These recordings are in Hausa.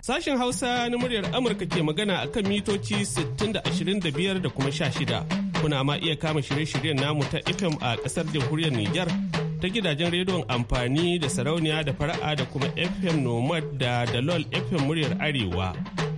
Sashen Hausa na muryar Amurka ke magana a kan mitoci 60 da 25 da kuma 16. Kuna ma iya kama shirye-shiryen namu ta FM a ƙasar jamhuriyar Nijar ta gidajen rediyon amfani da sarauniya da fara'a da kuma FM Nomad da Dalol FM muryar Arewa.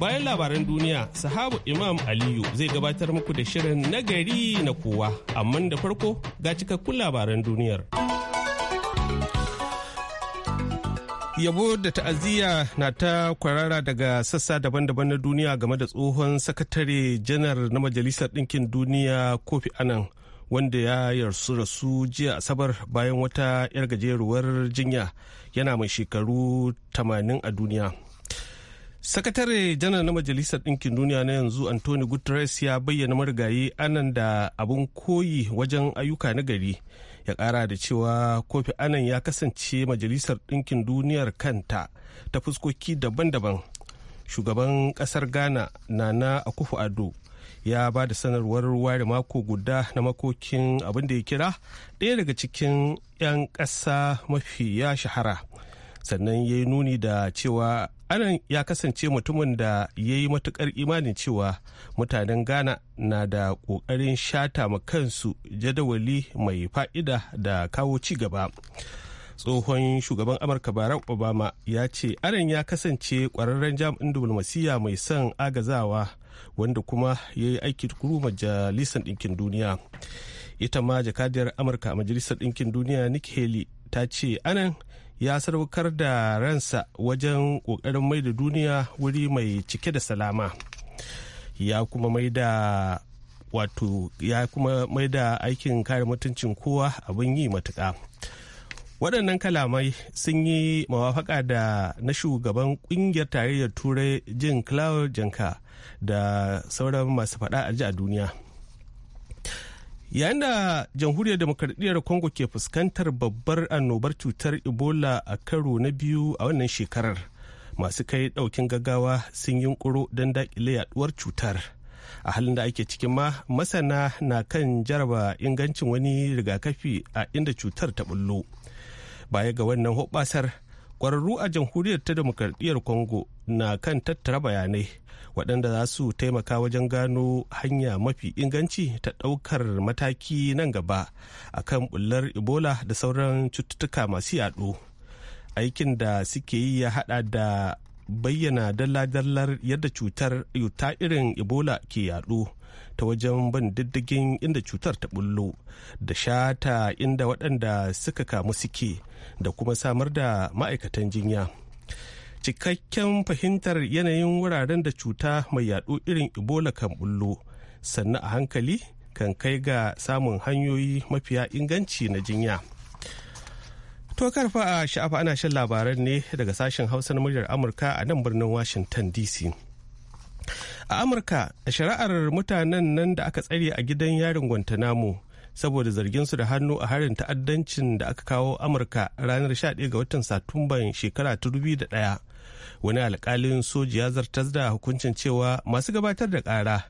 Bayan labaran duniya, sahabu Imam Aliyu zai gabatar muku da shirin nagari na kowa, amma da farko ga cikakkun labaran duniyar. Yabo da ta'aziyya na ta kwarara daga sassa daban-daban na duniya game da tsohon sakatare janar na Majalisar Ɗinkin Duniya Kofi anan wanda ya yarsu rasu jiya asabar bayan wata 'yar gajeruwar jinya yana mai shekaru 80 a duniya. sakatare janar na majalisar ɗinkin duniya na yanzu anthony guterres ya bayyana marigayi anan da abin koyi wajen ayyuka na gari ya ƙara da cewa kofi anan ya kasance majalisar ɗinkin duniyar kanta ta fuskoki daban-daban shugaban ƙasar ghana nana akufu ado ya ba da sanarwar ware mako guda na makokin abin da ya kira ɗaya daga cikin 'yan ƙasa mafi ya shahara sannan ya yi nuni da cewa anan ya kasance mutumin da ya yi matukar imanin cewa mutanen ghana na da ƙoƙarin shata ma kansu jadawali mai fa'ida da kawo ci gaba tsohon shugaban amurka barack obama ya ce anan ya kasance kwararren jami'in diplomasiyya mai son agazawa wanda kuma ya yi aiki tukuru majalisar ɗinkin duniya ita ma jakadiyar amurka a majalisar ɗinkin duniya nick haley ta ce anan ya sarwakar da ransa wajen ƙoƙarin mai da duniya wuri mai cike da salama ya kuma mai da wato ya kuma mai aikin kare mutuncin kowa abin yi matuka waɗannan kalamai sun yi mawafaka da na shugaban ƙungiyar tarayyar turai jin claude janka da sauran masu faɗa a duniya yayin da jamhuriyar demokradiyyar congo ke fuskantar babbar annobar cutar ebola a karo na biyu a wannan shekarar masu kai daukin gaggawa sun yunkuro don dakile yaduwar cutar a halin da ake cikin ma masana na kan jaraba ingancin wani rigakafi a inda cutar ta bullo baya ga wannan hoɓasar kwararru a jamhuriyar ta demokradiyyar congo na kan tattara bayanai waɗanda za su taimaka wajen gano hanya mafi inganci ta ɗaukar mataki nan gaba a kan ɓullar ebola da sauran cututtuka masu yaɗo aikin da suke yi ya haɗa da bayyana dalla-dallar yadda cutar yuta irin ebola ke yaɗo ta wajen ban diddigin inda cutar ta bullo da shata inda waɗanda suka kamu suke da kuma samar da ma'aikatan jinya cikakken fahimtar yanayin wuraren da cuta mai yaɗo irin ebola kan bullo sannan a hankali kan kai ga samun hanyoyi mafiya inganci na jinya to karfa a sha'afa ana shan labaran ne daga sashen hausa na muryar amurka a nan birnin washington dc a amurka a shari'ar mutanen nan da aka tsare a gidan yarin guantanamo saboda zargin su da hannu a harin ta'addancin da aka kawo amurka ranar 11 ga watan satumban shekara ta 2001 wani alkalin soji ya zartar da hukuncin cewa masu gabatar da kara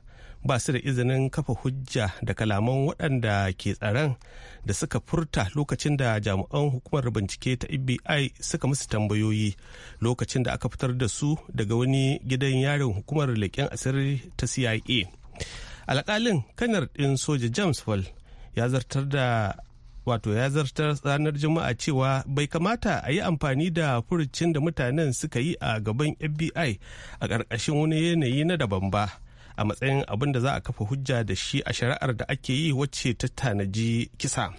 ba su da izinin kafa hujja da kalaman waɗanda ke tsaron da suka furta lokacin da jami'an hukumar bincike ta fbi suka musu tambayoyi lokacin da aka fitar da su daga wani gidan yarin hukumar leƙen asiri ta cia alƙalin kanar ɗin soja james fall ya zartar da wato ya zartar ranar juma'a cewa bai kamata a yi amfani da furucin da mutanen suka yi a gaban fbi a ƙarƙashin wani yanayi na daban ba a matsayin abin da za a kafa hujja da shi a shari'ar da ake yi wacce ta tanaji kisa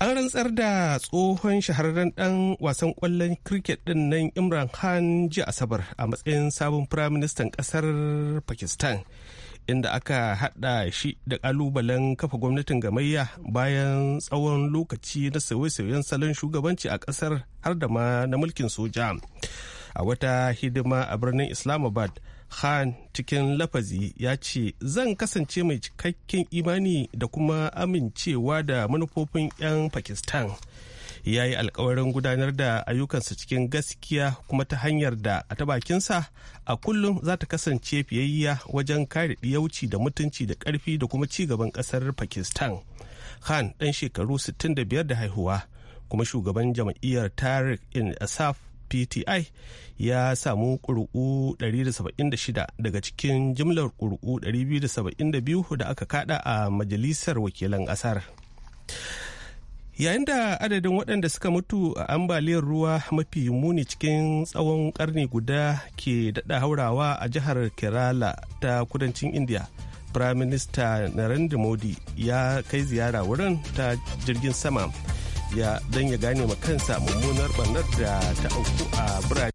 an rantsar da tsohon shahararren dan wasan kwallon cricket din nan imran khan ji asabar a matsayin sabon firaministan ƙasar pakistan inda aka hada shi da kalubalen kafa gwamnatin gamayya bayan tsawon lokaci na sauye-sauyen salon shugabanci a kasar har da ma na mulkin soja a wata hidima a birnin islamabad khan cikin lafazi ya ce zan kasance mai cikakken imani da kuma amincewa da manufofin 'yan pakistan ya yi alkawarin gudanar da ayyukansa cikin gaskiya kuma ta hanyar da a ta bakinsa a kullum za ta kasance fiyayya wajen kare ɗiyauci da mutunci da ƙarfi da kuma ci gaban ƙasar pakistan khan dan shekaru 65 da haihuwa kuma shugaban jam'iyyar tarik in asaf pti ya samu ƙuri'u 176 daga cikin jimlar ƙuri'u 272 da aka kada a majalisar wakilan ƙasar yayin da adadin waɗanda suka mutu a ambaliyar ruwa mafi muni cikin tsawon ƙarni guda ke daɗa haurawa a jihar kerala ta kudancin india prime minister narendra modi ya kai ziyara wurin ta jirgin sama ya don ya gane ma kansa mummunar ɓarnar da ta auku a birane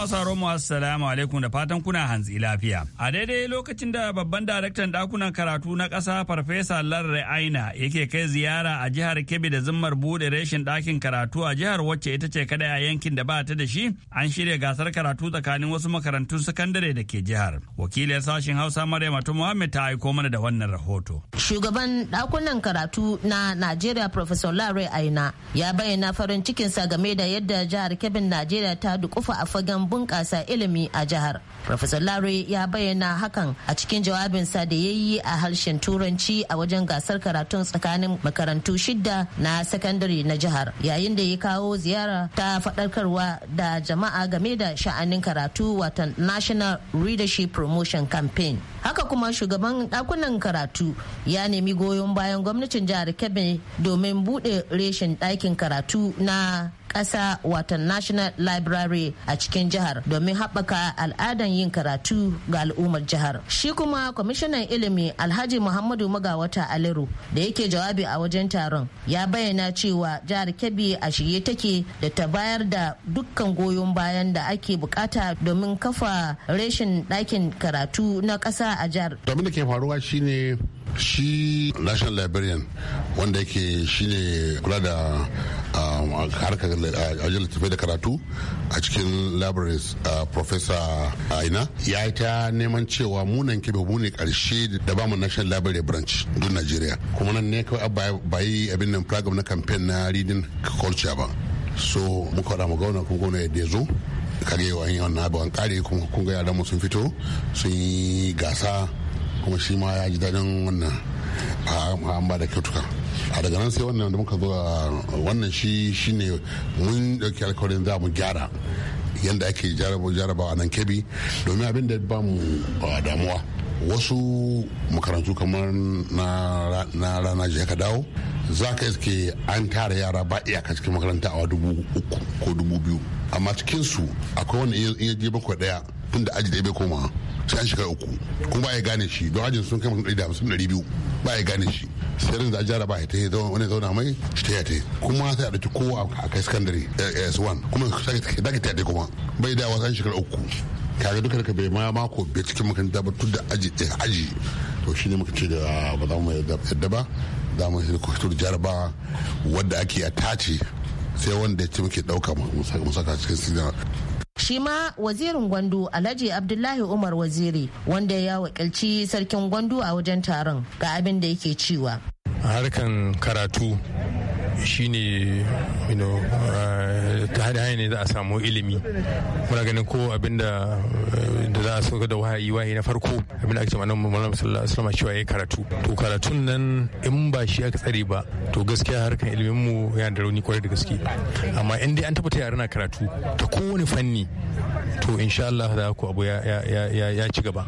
masu haramu assalamu alaikum da fatan kuna hanzi lafiya. A daidai lokacin da babban daraktan dakunan karatu na kasa Farfesa Larre Aina yake kai ziyara a jihar Kebbi da zimmar buɗe reshen dakin karatu a jihar wacce ita ce kadai a yankin da ba ta da shi an shirya gasar karatu tsakanin wasu makarantun sakandare da ke jihar. Wakilin sashen Hausa Maryam Atu Muhammad ta aiko mana da wannan rahoto. Shugaban dakunan karatu na Najeriya Professor Larre Aina ya bayyana farin cikinsa game da yadda jihar Kebbi Najeriya ta dukufa a fagen bunƙasa ilimi a jihar. Profesor Lare ya bayyana hakan a cikin jawabinsa da ya yi a harshen Turanci a wajen gasar karatun tsakanin makarantu shidda na sakandare na jihar yayin da ya kawo ziyara ta faɗarkarwa da jama'a game da sha'anin karatu watan National Readership Promotion Campaign. Haka kuma shugaban ɗakunan karatu ya nemi goyon bayan gwamnatin jihar Kebbi domin buɗe reshen ɗakin karatu na ƙasa wata national library a cikin jihar domin haɓaka al'adan yin karatu ga al'ummar jihar shi kuma kwamishinan ilimi alhaji muhammadu magawata aliru da yake jawabi a wajen taron ya bayyana cewa jihar kebbi a shirye take da ta bayar da dukkan goyon bayan da ake bukata domin kafa reshin ɗakin karatu na ƙasa a jihar domin da ke faruwa shine shi national librarian wanda yake shine kula da harkar ajiyar littattafai da karatu a cikin libraries professor aina ya yi ta neman cewa munan kebe mu ne karshe da bamu national library branch duk nigeria kuma nan ne kawai bayi abin nan program na campaign na reading culture ba so muka da mu gauna kuma gauna yadda ya zo kage wa yi na abuwan kare kuma kun ga yaran mu sun fito sun yi gasa kuma shi ma ya ji daɗin wannan an ba da kyautuka a daga nan sai wannan da muka zo wannan shi shine mun ɗauki alkawarin za mu gyara yadda ake jarabawa nan kebi domin abin da ba mu damuwa wasu makarantu kamar na rana je ka dawo za ka iske an tara yara ba iyaka cikin makaranta a dubu uku ko dubu biyu amma cikinsu akwai wani iya je bakwai daya tun da aji da bai koma. sai an uku kuma ba ya gane shi don ajin sun kai mutum ɗari da ɗari biyu ba ya gane shi sai rin a jara ba ya ta yi wani zauna mai shi ta yata kuma sai a ɗauki kowa a kai sakandare eh, eh, s1 kuma sai ta yata kuma bai da wasan shekara uku kaga duka daga bai ma mako bai cikin makaranta ba tun da aji ɗaya eh, aji to shine muka ce da ah, ba za mu yadda ba za mu yi kusur jaraba wadda ake a tace sai wanda ya ci muke ɗauka mu saka cikin sinar shi ma wazirin gwandu alhaji abdullahi umar waziri wanda ya wakilci sarkin gwandu a wajen taron ga abin da yake cewa harkan karatu ne uh, ta hada ne za a samu ilimi muna ganin ko abinda uh, da za a so da wahayi wahayi na farko abinda ake cewa nan mu sallallahu cewa ya karatu to karatun nan in ba shi aka tsare ba to gaskiya harkan ilimin mu yana da rauni kwarai da gaske amma in dai an tabbata yara na karatu ta kowane fanni to insha Allah za ku abu ya ci gaba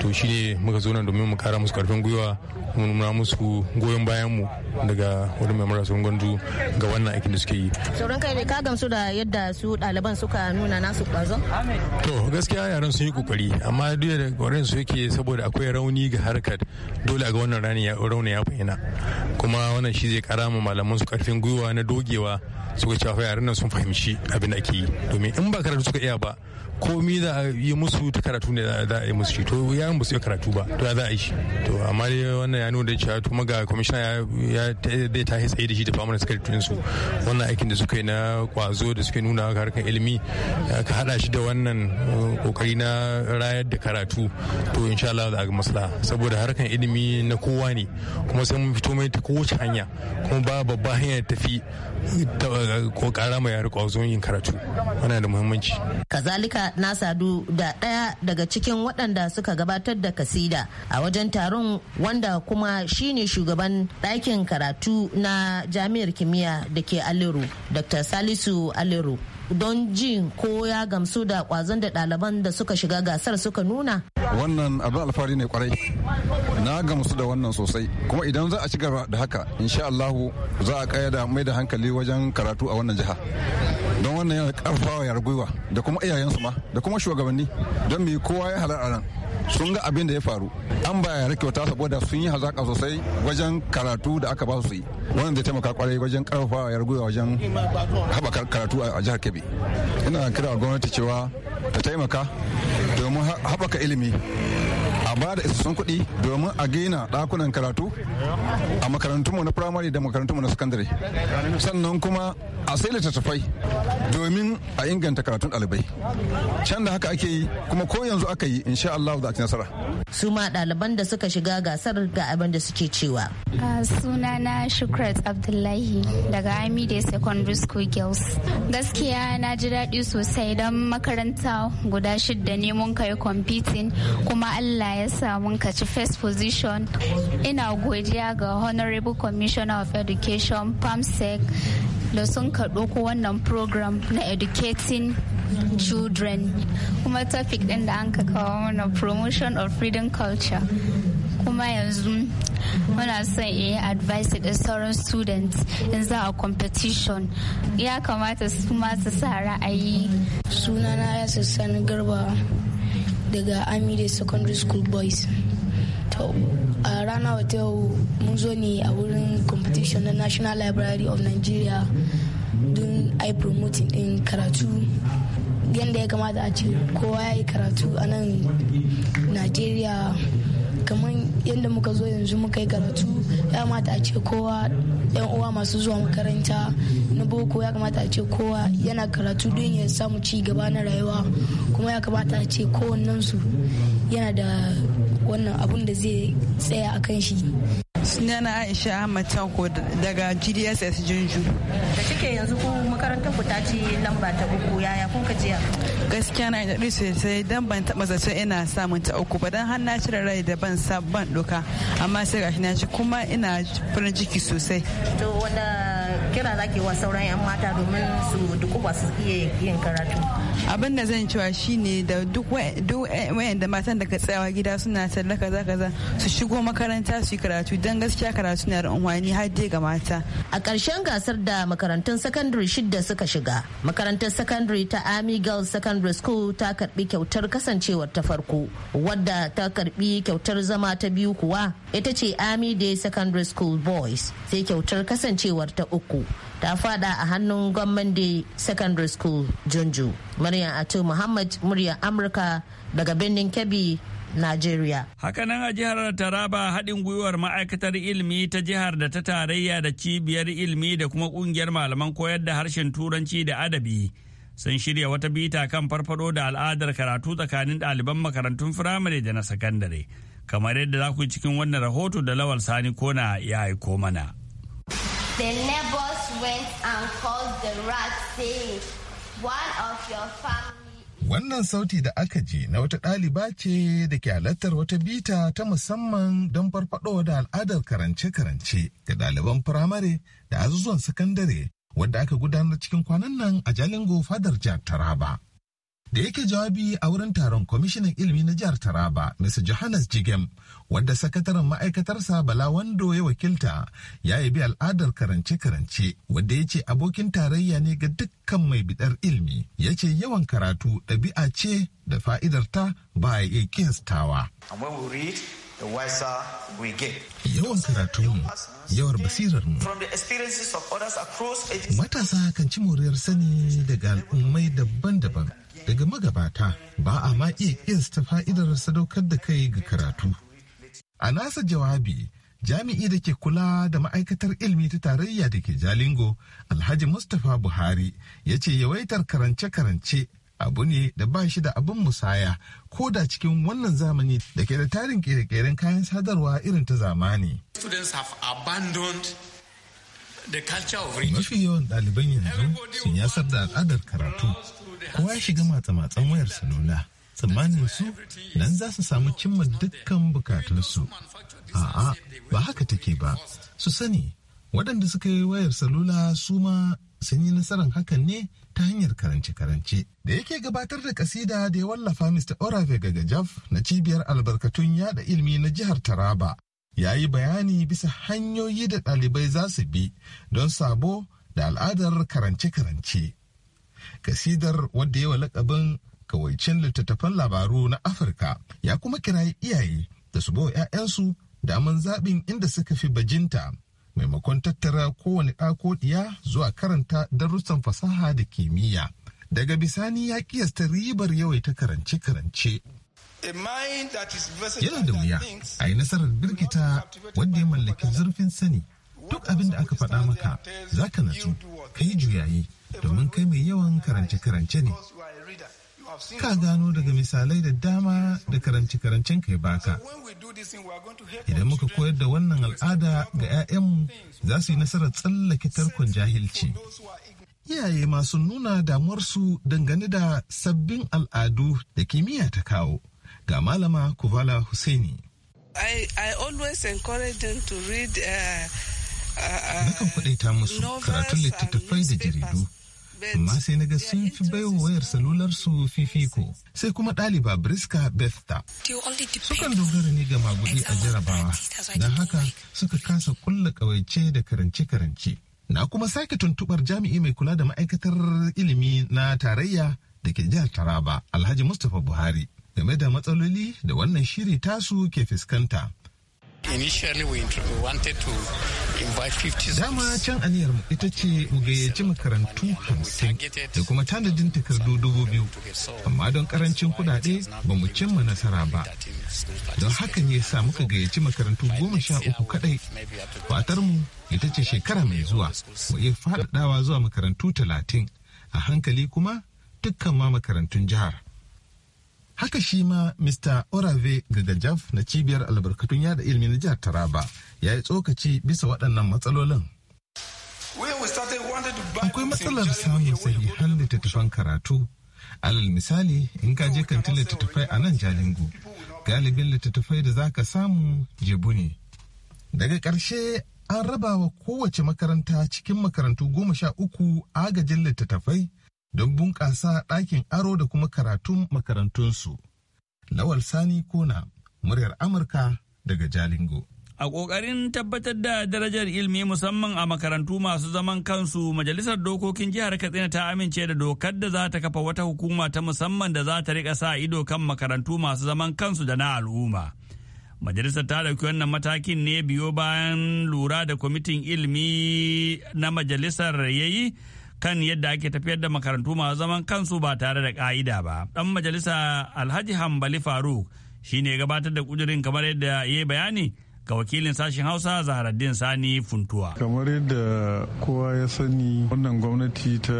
to shi ne muka zo nan domin mu kara musu karfin gwiwa mu nuna musu goyon bayan mu daga wani mai marasun gandu ga wannan aikin da suke yi sauran kai ne ka gamsu da yadda su ɗaliban suka nuna nasu kwazo to gaskiya yaran sun yi kokari amma duk da su yake saboda akwai rauni ga harkar dole ga wannan rani ya rauni ya bayyana kuma wannan shi zai kara ma malaman su karfin gwiwa na dogewa suka cewa yaran nan sun fahimci abin da ake yi domin in ba karatu suka iya ba komi za yi musu ta karatu ne za a yi musu shi to ya ba su yi karatu ba to ya za a yi shi to amma dai wannan ya nuna cewa kuma ga kwamishina ya zai tashi tsaye da shi da famar sakataren su wannan aikin da suka yi na kwazo da suka nuna harkar ilimi ka hada shi da wannan kokari uh, na rayar da karatu to insha Allah za a ga maslaha saboda harkar ilimi na kowa ne kuma sai mun fito mai ta kowace hanya kuma ba babba hanya tafi uh, ko kara mai yaro kwazo yin karatu wannan da muhimmanci kazalika na sadu da ɗaya daga cikin waɗanda suka gabatar da kasida a wajen taron wanda kuma shine shugaban ɗakin karatu na jami'ar kimiyya da ke aliru dr salisu aliru don jin ko ya gamsu da kwazon da ɗaliban da suka shiga gasar suka nuna? Wannan abin alfahari ne kwarai. Na gamsu da wannan sosai. Kuma idan za a ci gaba da haka, insha Allahu za a kayyada mai da hankali wajen karatu a wannan jiha. Don wannan yana karfafa yar gwiwa da kuma iyayensu ma da kuma shugabanni don mu kowa ya halar a sun ga abin da ya faru an ba yara wata saboda sun yi hazaka sosai wajen karatu da aka ba su yi wannan zai taimaka kwarai wajen karfafa yar gwiwa wajen haɓaka karatu a jihar kebbi ina kira gwamnati cewa ta taimaka domin haɓaka ilimi a ba da isassun kuɗi domin a gina ɗakunan karatu a mu na firamare da mu na sakandare sannan kuma a sai littattafai domin a inganta karatun ɗalibai can da haka ake yi kuma ko yanzu aka yi insha Allah za a nasara su ma ɗaliban da suka shiga gasar ga abin da suke cewa suna na shukrat abdullahi daga amide secondary school girls gaskiya na ji daɗi sosai don makaranta guda shidda ne mun kai competing kuma Allah ya samu kaci first position ina godiya ga honorable commissioner of education pamsec da sun ka ko wannan program na educating children kuma topic din da an kawo mana promotion of freedom culture kuma yanzu muna son yi advice da sauran students in za a competition ya kamata su masu sa ra'ayi sunana ya sani garba daga amide secondary school boys to a rana wata yau mun zo ne a wurin competition na national library of nigeria don ai promoting din karatu yadda ya kamata a ce kowa ya yi karatu a nan nigeria kamar yadda muka zo yanzu muka yi karatu ya kamata a ce kowa yan uwa masu zuwa makaranta na boko ya kamata a ce kowa yana karatu don ya samu ci gaba na rayuwa kuma ya kamata a ce kowannensu yana da wannan abun da zai tsaya a kan shi sunana aisha ahmad tanko daga gdss jinju da cike yanzu ku makarantar ku ta ci lamba ta uku yaya kun ka jiya gaskiya na da sosai dan ban taba zato ina samun ta uku ba dan har na cire rai da ban sabban doka amma sai gashi na ci kuma ina farin ciki sosai to wanda kira zaki wa sauran yan mata domin su duku ba su iya yin karatu abin da zan cewa shine da duk wayanda matan daga tsayawa gida suna talla kaza kaza su shigo makaranta su yi karatu don gaskiya karatu na da har dai ga mata a ƙarshen gasar da makarantun sakandare shidda suka shiga makarantar sakandare ta army girls secondary school ta karbi kyautar kasancewar ta farko wadda ta karbi kyautar zama ta biyu kuwa ita ce army day secondary school boys sai kyautar kasancewar ta uku ta fada a hannun gwamnan day secondary school junju Maryam Ato Muhammad murya Amurka daga birnin Kebbi nigeria. Hakanan a jihar Taraba haɗin gwiwar ma'aikatar ilimi ta jihar da ta tarayya da cibiyar ilimi da kuma ƙungiyar malaman koyar da harshen turanci da adabi sun shirya wata bita kan farfado da al'adar karatu tsakanin ɗaliban makarantun firamare da na sakandare. Kamar yadda za ku cikin wannan rahoto da Lawal Sani Kona ya aiko mana. The neighbors went and called the rat saying, Wannan sauti da aka ji na wata ɗaliba ce da ke halartar wata bita ta musamman don farfaɗo da al'adar karance-karance ga ɗaliban firamare da azuzuwan sakandare wadda aka gudanar cikin kwanan nan a Jalingo fadar jihar Taraba. da yake jawabi a wurin taron kwamishinan ilimi na jihar taraba mr johannes jigem wanda sakataren ma'aikatarsa bala wando ya wakilta ya yi bi al'adar karance-karance wanda ya ce abokin tarayya ne ga dukkan mai bidar ilimi ya ce yawan karatu ɗabi'a ce da fa'idar ta ba a iya kiyastawa the Yawan karatunmu, yawar mu. Matasa kan ci moriyar sani daga al'ummai daban-daban. daga magabata ba a ma iya ta fa'idar sadaukar da kai ga karatu. A nasa jawabi jami'i da ke kula da ma'aikatar ilmi ta tarayya da ke jalingo alhaji mustapha buhari ya ce yawaitar karance-karance abu ne da ba shi da abin musaya ko da cikin wannan zamani da ke da tarin kere-keren kayan sadarwa irin ta zamani. Students have Mafi yawan ɗaliban yanzu sun yasar da al'adar karatu, kowa ya shiga matsa-matsan wayar salula. tsammanin su nan za su samu cimma dukkan bukatunsu. A'a, ba haka take ba, su sani waɗanda suka yi wayar salula su ma sun yi nasarar hakan ne ta hanyar karance-karance. Da yake gabatar da kasida da ya wallafa Mr. Orave Gagajaf na cibiyar albarkatun yada ilmi na jihar Taraba ya yi bayani bisa hanyoyi da ɗalibai za su bi don sabo da al'adar karance-karance. Kasidar wadda yawa lakabin kawaicin littattafan labaru na Afirka ya kuma kirayi iyaye da su bawa 'ya'yansu daman zaɓin inda suka fi bajinta maimakon tattara kowane ɗako ɗiya zuwa karanta darussan fasaha da kimiyya. Daga bisani ya kiyasta ribar yawaita karance-karance. Yana da wuya a yi nasarar birkita wanda ya mallaki zurfin sani duk abin da aka faɗa maka za ka natsu ka yi juyayi domin kai mai yawan karance-karance ne. Ka gano daga misalai da dama da karance-karancen kai baka. Idan muka koyar da wannan al'ada ga 'ya'yanmu za su yi nasarar tsallake tarkon jahilci. Iyaye masu nuna damuwarsu dangane da sabbin al'adu da kimiyya ta kawo. ga malama Kubala Hussaini. I, I always uh, uh, uh, musu karatun littattafai da jaridu, amma sai na ga sun fi baiwa wayar salular su fifiko. Sai kuma ɗaliba Briska Bethta. Sukan dogara ne ga magudi a jarabawa, don haka suka kasa kulla ƙawaice da karance-karance. Na kuma sake tuntubar jami'i mai kula da ma'aikatar ilimi na tarayya da ke jihar Taraba, Alhaji Mustapha Buhari. game da matsaloli da wannan shiri tasu ke fuskanta. Dama can aniyar mu ita ce mu gayyaci makarantu hamsin da kuma tanadin takardu dubu biyu, amma don karancin kudade ba mu cimma nasara ba. Don hakan ya sa muka gayyaci makarantu goma sha uku kadai. Fatar ita ce shekara mai zuwa mu iya faɗaɗawa zuwa makarantu talatin, a hankali kuma dukkan ma makarantun jihar. haka shi ma mr orave gagajaf na cibiyar albarkatun yada ilimi na jihar taraba ya yi tsokaci bisa waɗannan matsalolin akwai matsalar samun sahihan littattafan karatu alal misali in ka je kantin littattafai a nan jalingu, galibin littattafai da za ka samu jebu ne daga ƙarshe an raba wa kowace makaranta cikin makarantu goma sha uku agajin littattafai don bunƙasa ɗakin aro da kuma karatun makarantunsu. Lawal Sani Kona, muryar Amurka daga Jalingo. A ƙoƙarin tabbatar da darajar ilmi musamman a makarantu masu zaman kansu, Majalisar Dokokin Jihar Katsina ta amince da dokar da za ta kafa wata hukuma ta musamman da za ta riƙa sa ido kan makarantu masu zaman kansu da na al'umma. Majalisar ta ɗauki wannan matakin ne biyo bayan lura da kwamitin ilimi na majalisar ya yi kan yadda ake tafiyar da makarantu masu zaman kansu ba tare da ka'ida ba. Ɗan majalisa Alhaji Hambali Faruk shi ne gabatar da kudirin kamar yadda ya yi bayani ga wakilin sashen hausa zaharaddin sani funtuwa kamar yadda kowa ya sani wannan gwamnati ta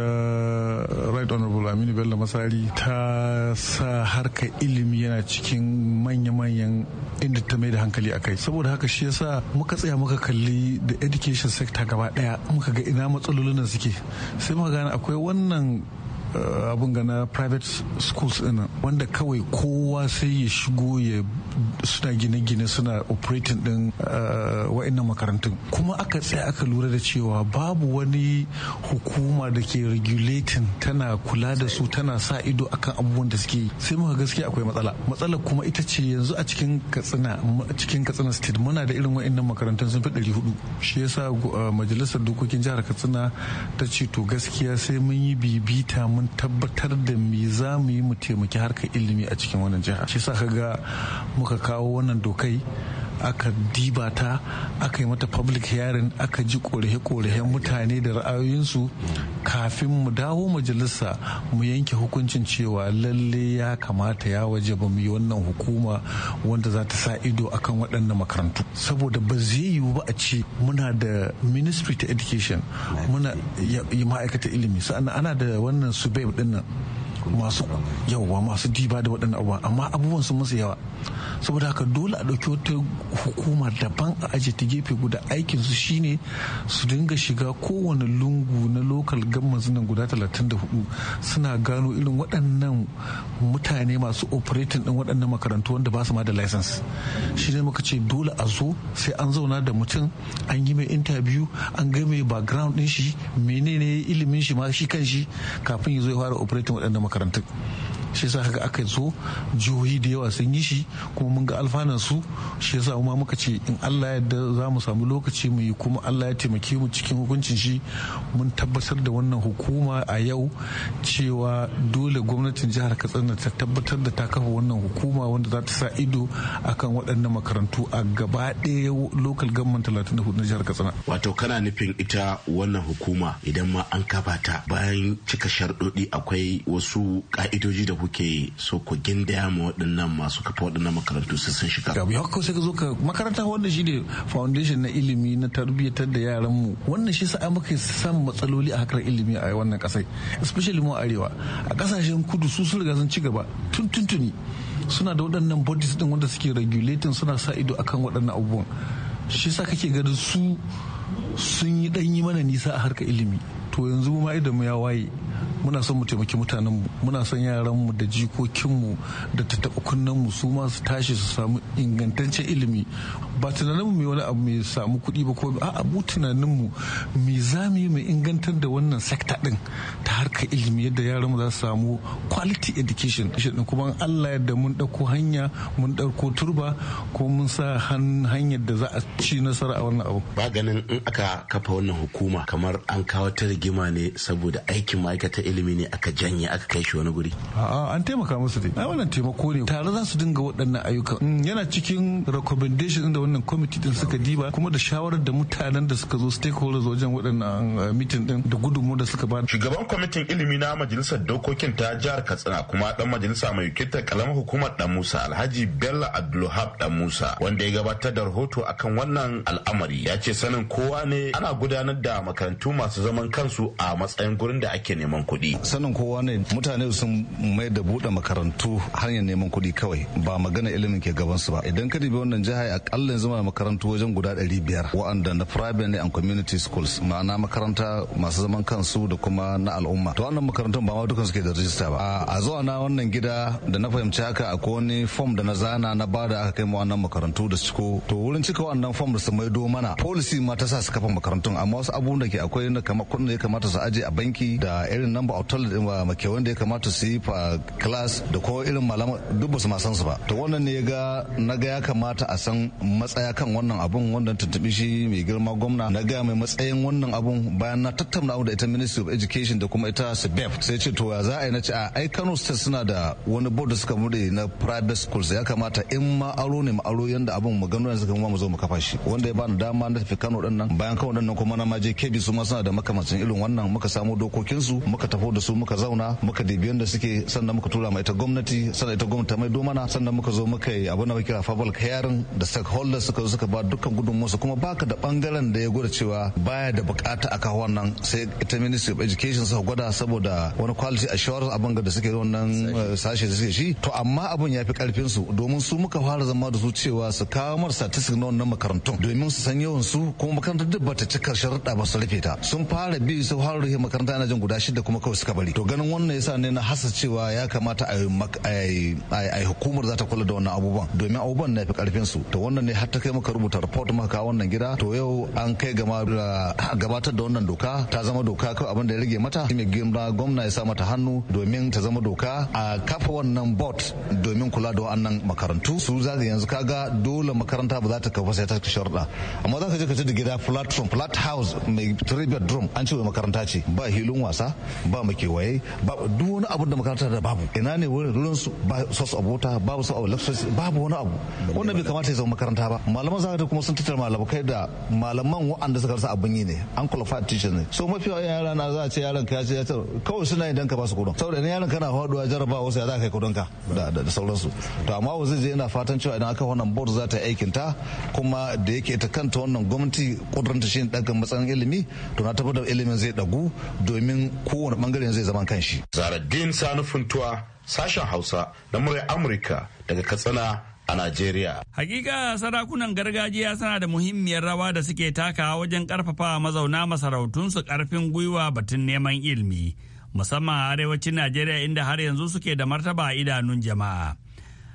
right honorable aminu bello masari ta sa harka ilimi yana cikin manya-manyan inda ta mai da hankali a kai saboda haka shi yasa muka tsaya muka kalli da education sector gaba daya muka ga ina matsalolin da suke sai muka gane akwai wannan eh, abun gana private schools ina. wanda kawai kowa sai ya shigo ya suna gine-gine suna operating din eh, wa'annan makarantun kuma aka tsaya aka lura da cewa babu wani hukuma da ke regulating tana kula da su tana sa ido akan abubuwan da suke sai muka gaskiya akwai matsala matsala kuma ita ce yanzu a cikin katsina cikin katsina state muna da irin wa'annan makarantun sun fi ɗari hudu shi yasa eh, majalisar dokokin jihar katsina ta ce to gaskiya sai mun yi bibita mun tabbatar da me za mu yi mu taimaki harkar ilimi a cikin wannan jiha shi ka ga. muka kawo wannan dokai aka diba ta aka yi mata public hearing aka ji korehe-korehen mutane da ra'ayoyinsu kafin mu dawo majalisa mu yanke hukuncin cewa lalle ya kamata ya waje ba mu yi wannan hukuma wanda za ta sa ido akan waɗannan makarantu saboda ba zai yiwu ba a ce muna da ministry ta education muna ma'aikata ilimi sa'an ana da wannan subeb dinnan masu yawa masu diba da waɗannan abubuwan amma abubuwan sun musu yawa saboda haka dole a ɗauki wata hukumar daban a ajiye ta gefe guda aikin su shine su dinga shiga kowane lungu na lokal guda nan guda 34 suna gano irin waɗannan mutane masu operating ɗin waɗannan makarantu wanda ba su ma da license shi ne muka ce dole a zo sai an zauna da mutum an yi mai interview an ga mai background din shi menene ilimin shi ma shi kan shi kafin ya zo ya fara operating waɗannan makarantun shi yasa haka aka so jihohi da yawa sun yi shi kuma mun ga alfanan su shi yasa kuma muka ce in Allah ya yarda za mu samu lokaci mu yi kuma Allah ya taimake mu cikin hukuncin shi mun tabbatar da wannan hukuma a yau cewa dole gwamnatin jihar Katsina ta tabbatar da ta kafa wannan hukuma wanda za ta sa ido akan waɗannan makarantu a gaba ɗaya local government 34 na jihar Katsina wato kana nufin ita wannan hukuma idan ma an kafa ta bayan cika sharɗoɗi akwai wasu ka'idoji da kuke so ku gindaya ma waɗannan masu kafa waɗannan makarantu su sun shiga. Gabi haka sai ka zo ka makaranta wanda shi ne foundation na ilimi na tarbiyyatar da yaran mu wannan shi sa'a muka san matsaloli a harkar ilimi a wannan kasai especially mu arewa a kasashen kudu su sun riga sun ci gaba tun tuntuni suna da waɗannan bodies din wanda suke regulating suna sa ido akan waɗannan abubuwan shi sa kake ganin su sun yi ɗanyi mana nisa a harkar ilimi to yanzu ma idan mu ya waye muna son mu taimaki mutanen mu muna son yaran mu da jikokin mu da tattaɓa mu su ma su tashi su samu ingantaccen ilimi ba tunanin mu wani abu mai samu kuɗi ba ko a abu tunanin mu me za mu yi mu ingantar da wannan sekta din ta harkar ilimi yadda yaran mu za su samu quality education shi kuma Allah yadda mun ɗauko hanya mun ɗauko turba ko mun sa hanyar da za a ci nasara a wannan abu ba ganin in aka kafa wannan hukuma kamar an kawo ta rigima ne saboda aikin ma'aikata ilimi ne aka janye aka kai shi wani guri a'a an taimaka musu dai ai wannan taimako ne tare za su dinga waɗannan ayyuka. Mm, yana cikin recommendation da wannan committee din suka diba kuma da shawarar da mutanen da suka zo stakeholders wajen waɗannan uh, meeting din da gudunmu da suka bada shugaban kwamitin ilimi na majalisar dokokin ta jihar Katsina kuma dan majalisa mai wakiltar kalamar hukumar dan Musa Alhaji Bello Abdulhab dan Musa wanda ya gabatar da rahoto akan wannan al'amari ya ce sanin kowa ne ana gudanar da makarantu masu zaman kansu a matsayin gurin da ake neman kuɗi kuɗi sanin kowa ne mutane sun mai da buɗe makarantu hanyar neman kuɗi kawai ba magana ilimin ke gaban su ba idan ka dubi wannan jiha a kallon zuma makarantu wajen guda ɗari biyar waɗanda na private ne and community schools ma'ana makaranta masu zaman kansu da kuma na al'umma to wannan makarantun ba ma dukan suke da rajista ba a zuwa na wannan gida da na fahimci haka a wani fom da na zana na bada aka kai mu wannan makarantu da ciko to wurin cika wannan fom da su maido mana policy ma ta sa su kafa makarantun amma wasu abubuwan da ke akwai na kamar kuɗin da ya kamata su aje a banki da irin nan ba a toilet make wanda ya kamata su yi fa class da ko irin malama duk ba su ma san su ba to wannan ne ga na ga ya kamata a san matsaya kan wannan abun wannan tuntubi shi mai girma gwamna na ga mai matsayin wannan abun bayan na tattauna da ita ministry of education da kuma ita sbef sai ce to ya za a yi na ce a ai kano state suna da wani board da suka bude na private schools ya kamata in ma aro ne ma aro yanda abun mu yanzu kan mu zo mu kafa shi wanda ya bani dama na tafi kano din nan bayan kano din kuma na ma je su ma suna da makamancin irin wannan muka dokokin dokokinsu muka tafi taho da su muka zauna muka dibi yadda suke sannan muka tura ma ita gwamnati sannan ita gwamnati mai domana sannan muka zo muka yi abin da muke kira fabal kayarin da stakeholders suka zo suka ba dukkan gudunmuwarsu kuma baka da bangaren da ya gwada cewa baya da bukata a kawo wannan sai ita ministry of education suka gwada saboda wani quality assurance abin da suke wannan eh, sashe da suke shi to amma abin ya fi karfin su domin su muka fara zama da su cewa su kawo mar statistics na wannan makarantun domin su san yawan su kuma makarantar duk bata cika sharuɗa ba su rufe ta sun fara bi su fara rufe makaranta ana jin guda shida kuma kawai kawai bari to ganin wannan yasa ne na hasa cewa ya kamata a yi hukumar za ta kula da wannan abubuwan domin abubuwan na fi karfin su to wannan ne har ta kai muka rubuta report maka kawo wannan gida to yau an kai gabatar da wannan doka ta zama doka kawai abin da ya rage mata mai girma gwamna ya sa mata hannu domin ta zama doka a kafa wannan bot domin kula da wannan makarantu su za yanzu kaga dole makaranta ba za ta kafa sai ta sharuɗa amma za ka je ka ci da gida flat flat house mai tribute drum an ce makaranta ce ba hilun wasa ba makewaye ba duk wani abu da makaranta da babu ina ne wurin ruwan su ba source of water babu su of electricity babu wani abu wannan bai kamata ya zama makaranta ba malaman zaka kuma sun tattara malamai kai da malaman wa'anda suka rasa abin yi ne an qualified teachers ne so mafi yawan yara na za a ce yaran ka ce ya ce kawai suna idan ka ba su kudin saboda yaran kana faduwa jarabawa wasu ya za ka kai kudin ka da sauransu to amma wa zai je ina fatan cewa idan aka wannan board za ta yi aikin ta kuma da yake ta kanta wannan gwamnati kuduranta shi ne ɗaga matsayin ilimi to na tabbatar ilimin zai dagu domin kowane bangaren zai zama kanshi. Zaradin Sani Funtuwa sashen Hausa na murai Amurka daga Katsina a Najeriya. Hakika sarakunan gargajiya suna da muhimmiyar rawa da suke takawa wajen karfafa mazauna su karfin gwiwa batun neman ilimi, musamman a arewacin Najeriya inda har yanzu suke da martaba a idanun jama'a.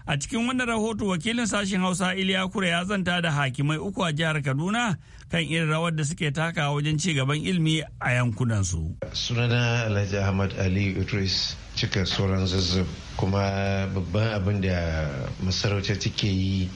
A cikin wannan rahoto wakilin sashen Hausa Iliya Kure ya zanta da hakimai uku a jihar Kaduna kan irin rawar da suke taka wajen ci gaban ilimi a yankunansu. Sunana Alhaji Ahmad Ali Idris cika sauran zazzab kuma babban abin da masarauta take yi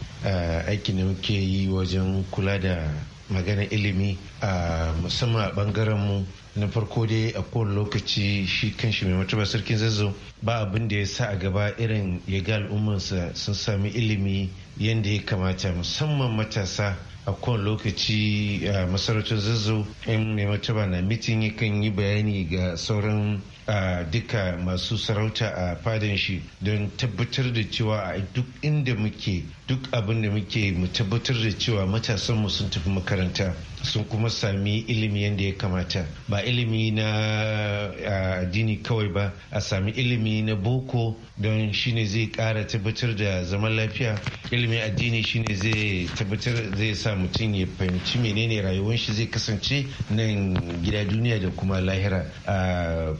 aiki da muke yi wajen kula da magana ilimi a musamman a bangaren mu na farko dai a kowane lokaci shi kanshi mai mataba sarkin zazzau ba abin da ya sa a gaba irin ya ga al'ummansa sun sami ilimi yadda ya kamata musamman matasa a kowane lokaci a eh, masarautar zazzau in mai mataba na mitin yakan yi bayani ga sauran eh, duka masu sarauta a fadan shi don tabbatar da cewa a duk inda muke duk abin da muke mu tabbatar da cewa matasanmu sun tafi makaranta sun kuma sami ilimi yadda ya kamata ba ilimi na addini kawai ba a sami ilimi na boko don shine zai kara tabbatar da zaman lafiya ilimin addini shine zai tabbatar zai sa mutum ya fahimci menene rayuwar shi zai kasance nan gida duniya da kuma lahira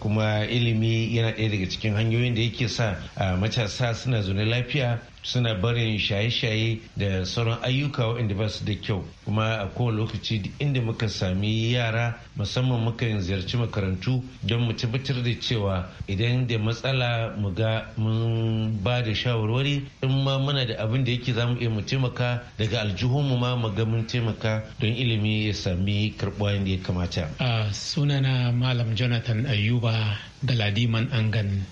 kuma ilimi yana ɗaya daga cikin hanyoyin da yake sa matasa suna zaune lafiya suna barin shaye-shaye da sauran ayyuka waɗanda ba su da kyau kuma a kowane lokaci inda muka sami yara musamman muka ziyarci makarantu don mu tabbatar da cewa idan da matsala mu ga mun ba da shawarwari in ma muna da abin da yake zamu iya mu taimaka daga aljihunmu ma mu ga mun taimaka don ilimi ya sami karɓuwa yadda ya kamata. sunana malam jonathan ayuba da ladiman an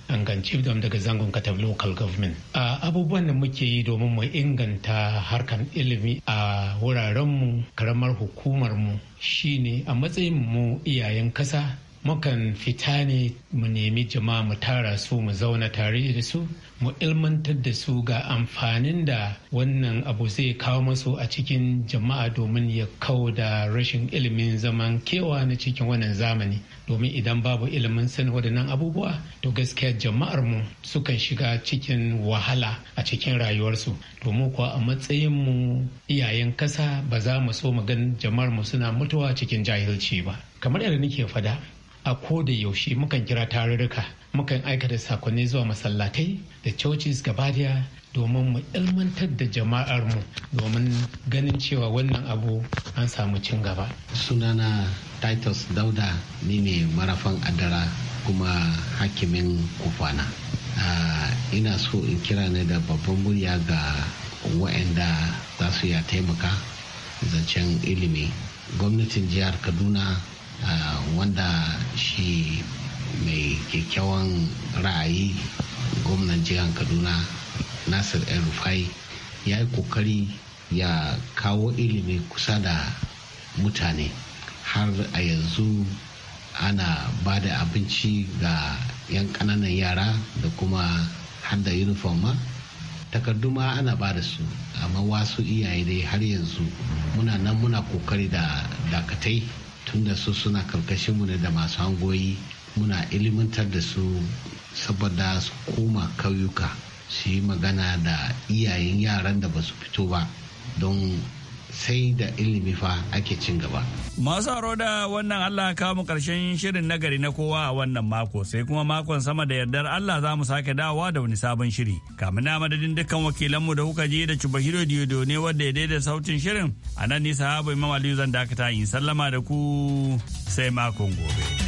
angan daga zangon katab local government a abubuwan da muke yi domin mu inganta harkar ilimi a wurarenmu karamar hukumarmu shine a matsayin mu iyayen kasa mukan fita ne mu nemi jama'a mu tara su mu zauna tare da su mu ilmantar da su ga amfanin da wannan abu zai kawo masu a cikin jama'a domin ya kawo da rashin ilimin zaman kewa na cikin wannan zamani domin idan babu ilimin sanin waɗannan abubuwa to gaskiya jama'ar mu sukan shiga cikin wahala a cikin rayuwarsu domin kuwa a matsayin mu iyayen kasa ba za mu so mu gan jama'ar mu suna mutuwa cikin jahilci ba kamar yadda nake fada a ko da yaushe mukan kira tarurruka mukan aika da sakonni zuwa masallatai da churches gabadiya domin mu ilmantar da jama'ar mu domin ganin cewa wannan abu an samu cin gaba sunana titus dauda ni ne marafan adara kuma hakimin kufana ah, ina so in kira ne da babban murya ga waɗanda za su ya taimaka zancen ilimi gwamnatin jihar kaduna ah, wanda shi mai kyakkyawan ra'ayi gwamnan jihar kaduna nasir el rufai ya yi kokari ya kawo ilimi kusa da mutane har a yanzu ana ba da abinci ga 'yan ƙananan yara da kuma har da uniform ma takardu ana ba da su amma wasu iyaye dai har yanzu muna nan muna kokari da dakatai tunda su suna karkashinmu mu ne da masu hangoyi muna ilimantar da su saboda su koma kauyuka su yi magana da iyayen yaran da ba su fito ba don sai da ilimi fa ake cin gaba. Masu haro da wannan Allah kawo mu karshen shirin nagari na kowa a wannan mako sai kuma makon sama da yardar Allah za mu sake dawowa da wani sabon shiri. Kamin na madadin dukkan wakilanmu da kuka je da Cubahiro Diodo ne wadda ya daidai sautin shirin a nan nisa Habu Imam Aliyu zan dakata yin sallama da ku sai makon gobe.